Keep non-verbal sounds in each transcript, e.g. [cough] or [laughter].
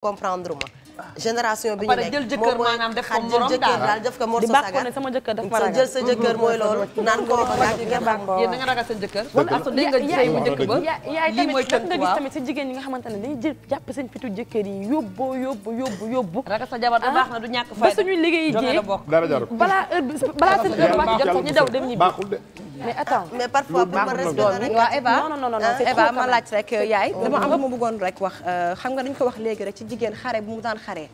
comprendre ma ah. génération bi ñu nekk jël jëkkër maanaam def ko morom daal def jël jëkkër mooy naan ko ak ngeen xam ko yéen da nga ñi nga xamante ne da ah, baax na du ñàkk fayda ba suñuy liggéey jee balaa heure balaa daw dem ñibbi mais attends mais parfois pour ah. ma respecter rek. waaw Eva non ma laaj rek yaay. dama am lu ma bëggoon rek wax euh, xam nga dañ ko wax léegi rek ci jigéen xare bu mu daan xaree.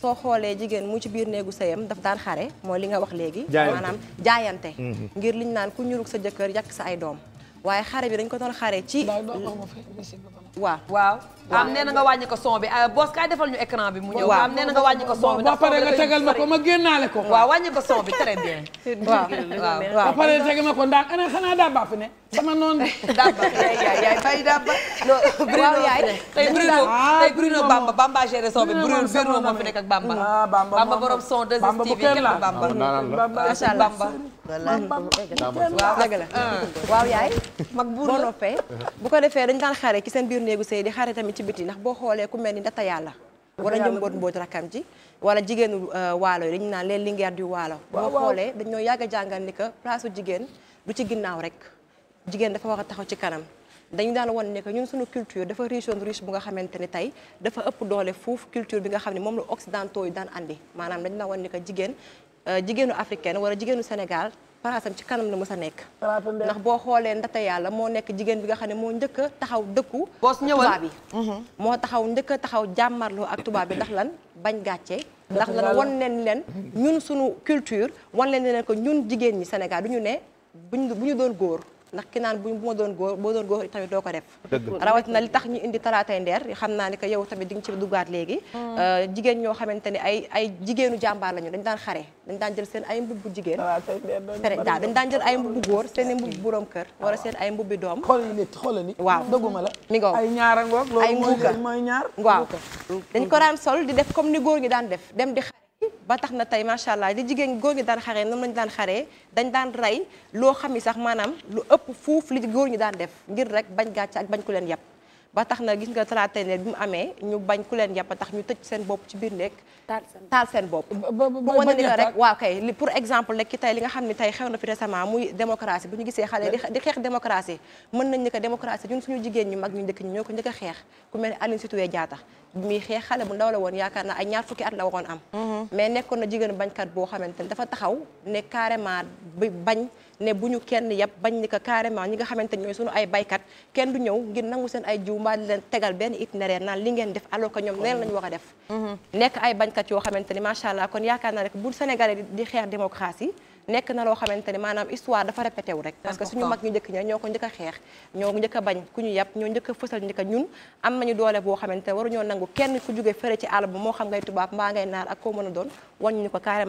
soo xoolee jigéen mu ci biir néegu sëyam daf daan xare mooy li nga wax léegi. maanaam jaayante. Mhm. ngir liñ naan ku ñurug sa jëkkër yàq sa ay doom. waaye xare bi dañ ko doon xare ci. waaw waaw. waaw am nee na nga wàññi ko son bi euh, boos kaay defal ñu écran bi mu ñëw. waaw am nee na nga wàññi ko son bi. ndax pare nga tegal ma ko ma génnaale ko. waaw wàññi ko son bi très bien. [laughs] waaw waaw ba pare tegal ma ko ndax ana xanaa daa baax fi ne sama noonu. daa baax yaay yaay bay daa baax. waaw yaay ah, tey Bruno tey Bruno Bamba Bamba géré son bi Bruno Bruno moo fi nekk ak Bamba. Ah, Bamba borom son 2STV kenn Bamba. macha allah waaw yaay mag bu roppee bu ko defee dañ daan xare ci seen biir biir néegu sëy di xare tamit ci biti ndax boo xoolee ku mel ni ndata yàlla wala njëmboot mboot rakkam ji wala jigéenu euh, waalo yi dañu naan leen lingeer du waalo boo xoolee dañoo yàgg a jàngal ni que place jigéen du ci ginnaaw rek jigéen dafa war a taxaw ci kanam dañu daan wan ne que ñun suñu culture dafa riche on bu nga xamante ne tey dafa ëpp doole fuuf culture bi nga xam ne moom la occidentaux yi daan andi maanaam dañu daan wan ne que jigéen Euh, jigéenu africain wala jigéenu Sénégal palaasam ci kanam la mës a nekk ndax boo xoolee ndata yàlla moo nekk jigéen bi nga xam ne moo njëkk a taxaw dëkku tubaab yi mhm. moo taxaw njëkk a taxaw jàmmarloo ak tubaab bi ndax lan bañ gàcce ndax lan wan leen leen ñun suñu culture wan leen leen ko ñun jigéen ñi Sénégal du ñu ne buñ bu ñu doon góor ndax ki naan bu ma doon góor boo doon góor tamit doo ko def rawatina li tax ñu indi talaatay ndeer xam naa ne que yow tamit di nga ci duggaat léegi mm. euh, jigéen ñoo xamante ne ay ay jigéenu jàmbaar lañu dañ daan xare dañ daan jël seen ay bu jigéen waaw dañ daan jël ay mbubbu góor seen i mbubbu borom kër wala seen ay mbubbi doom xoolal waaw dëgguma la mi ngoog ay ñaara ngoog loolu mooy ñaar waaw dañ ko daan sol di def comme ni góor ñi daan def dem di ba tax na tey macha allah li jigéen góor ñi daan xaree noonu lañu daan xaree dañ daan rey loo xam ni sax maanaam lu ëpp fuuf li góor ñi daan def ngir rek bañ gàcce ak bañ ku leen yàpp ba tax na gis nga traité bi mu amee ñu bañ ku leen yàpp tax ñu tëj seen bopp ci biir nekk taal seen bopp bu wane ni la rek waaw kay pour exemple rek ki tey li nga xam ne tey xew na fi récemment muy démocratie bu ñu gisee xale di xeex démocratie mën nañ ni que démocratie ñun suñu jigéen ñu mag ñu njëkk ñi ñoo ko njëkk xeex ku mel ni Aline Sitoé Diatta muy xeex xale bu ndaw la woon yaakaar naa ay ñaar fukki at la waroon am mm-hmm. mais nekkoon na jigéen bañkat boo xamante ne dafa taxaw ne carrément bañ ne bu ñu kenn yab bañ ni ko carrément ñi nga xamante ñooy sunu ay baykat kenn du ñëw ngir nangu seen ay jiw mbaa leen tegal benn itinéraire naan li ngeen def alors que ñoom neen lañu war a def mm-hmm. nekk ay bañkat yoo xamante ni macha allah kon yaakaar naa rek bu Sénégalais di xeex démocratie nekk na loo xamante ne maanaam histoire dafa répété wu rek parce que suñu mag ñu njëkk ña ñoo ko njëkk a xeex ñoo njëkk a bañ ku ñu yàpp ñoo njëkk a fësal a ñun am nañu doole boo xamante ne waru ñoo nangu kenn ku jóge fëre ci àll ba moo xam ngay tubaab mbaa ngay naar ak koo mën a doon hmm. na ah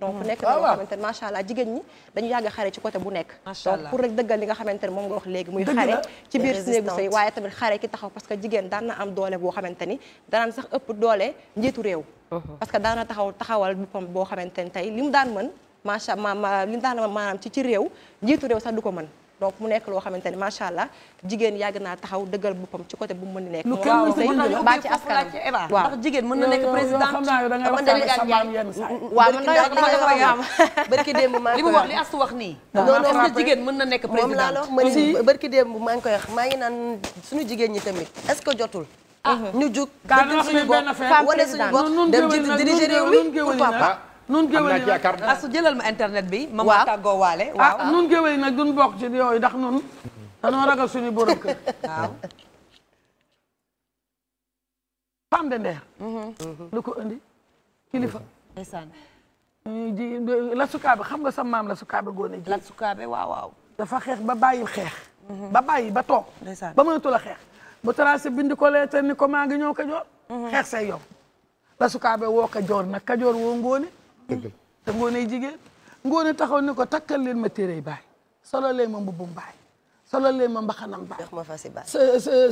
loo ne macha allah jigéen ñi dañu yàgg xare ci côté bu nekk donc pour rek dëggal li ne moom nga muy xare ci biir néegu sëy waaye tamit xare ki taxaw parce que jigéen daan am doole boo xamante ni danaan sax ëpp doole njiitu réew Uh-huh. parce que daana taxaw taxawal boppam boo xamante ne tey li mu daan mën macha allah li mu daan maanaam ci ci réew njiitu réew sax du ko mën donc mu nekk loo xamante ne macha allah jigéen yàgg naa taxaw dëggal boppam ci côté bu mu mën a nekk. waaw tey mbaa ci askan wi waaw ndax jigéen mën na nekk président am li mu wax li Astou wax nii. jigéen mën na nekk président. moom laa la wax ma maa ngi koy wax maa ngi naan suñu jigéen ñi tamit est jotul ah ñu jug. gëgëm suñu bopp femme présidente dem jiitu diriger réew mi ah, bi. ma ma tàggoo waale. waaw ah, nag duñ bokk ci yooyu ndax nun ragal suñu borom [laughs] lu ko indi kilifa. ndeysaan. ji xam nga sa maam la sukaabe góone ji. la sukaabe waaw waaw. dafa xeex ba bàyyi xeex. ba bàyyi ba toog. ndeysaan ba mënatul a xeex. bu tracé bindi ko leetar ni ko maa ngi ñëw Kajoor mhm. xeex say yow la sukaabe woo Kajoor nag Kajoor woo Ngóone te Ngóone jigéen Ngóone taxaw ni ko takkal leen ma yi baay solo leen ma mbubbum baay solo leen ma mbaxanam baay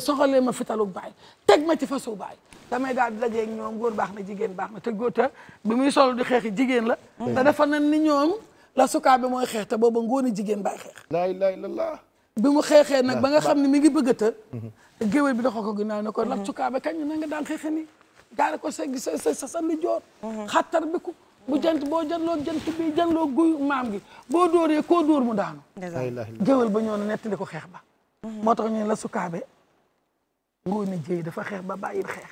soxal leen ma fitalu baay teg ma ci fasu baay damay daal di dajeeg ñoom góor baax na jigéen baax na te góor ta bi muy solo di xeexi jigéen la mhm. te dafa nan ni ñoom la sukaabe mooy xeex te booba Ngóone jigéen baay xeex la ilaha bi mu xeexee na ba nga ah, xam ne mi ngi bëgg a të. Mhm. géwél bi doxal ko ginnaaw ne ko lab mhm. cukaa ba kañ na nga daan xeexe ni gaare ko sa sa sa sandi joor mhm. xattar bi ku bu jant boo janloo jant bi janloo guy maam gi boo dóoree koo dóor mu daanu géwél ba ñoo na nettali ko xeex ba moo tax ñu la sukaabe ngoo ne jéy dafa xeex ba bàyyil xeex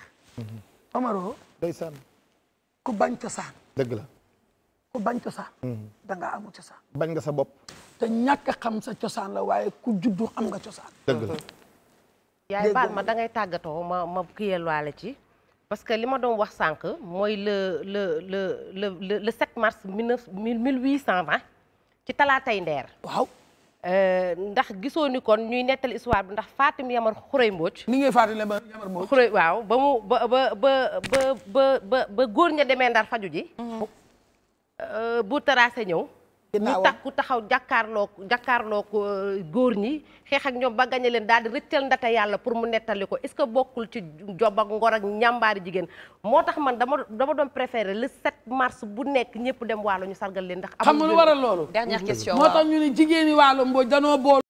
Omaro ndeysaan ku bañ cosaan dëgg la ku bañ cosaan da amu amul cosaan bañ nga sa bopp te ñàkk xam sa cosaan la waaye ku juddu am nga cosaan. dëgg la yaay baal ma da ngay tàggatoo ma ma kiyeel waale ci. parce que li ma doon wax sànq mooy le le le le le 7 mars mille huit cent vingt ci talaatay ndeer euh, ndax gisoo ni kon ñuy nettali histoire bi ndax Fatim Yamar Xurey Mbodj. ni ngay Fatim Yamar Mbodj. Xurey waaw ba mu ba ba ba ba ba góor ña demee ndar faju ji. Mm-hmm. Euh, bu terrasse ñëw. ñu takku taxaw jàkkaarloo jàkkaarloo ko euh, góor ñi xeex ak ñoom ba gañe leen daal di rëccal ndata yàlla pour mu nettali ko est-ce que bokkul ci job ak ngor ak ñàmbaari jigéen moo tax man dama dama doon préféré le set mars bu nekk ñëpp dem waalo ñu sargal leen ndax. am xam nga lu waral loolu. Mmh. moo tax ñu ne jigéeni waalo mbooj danoo bool.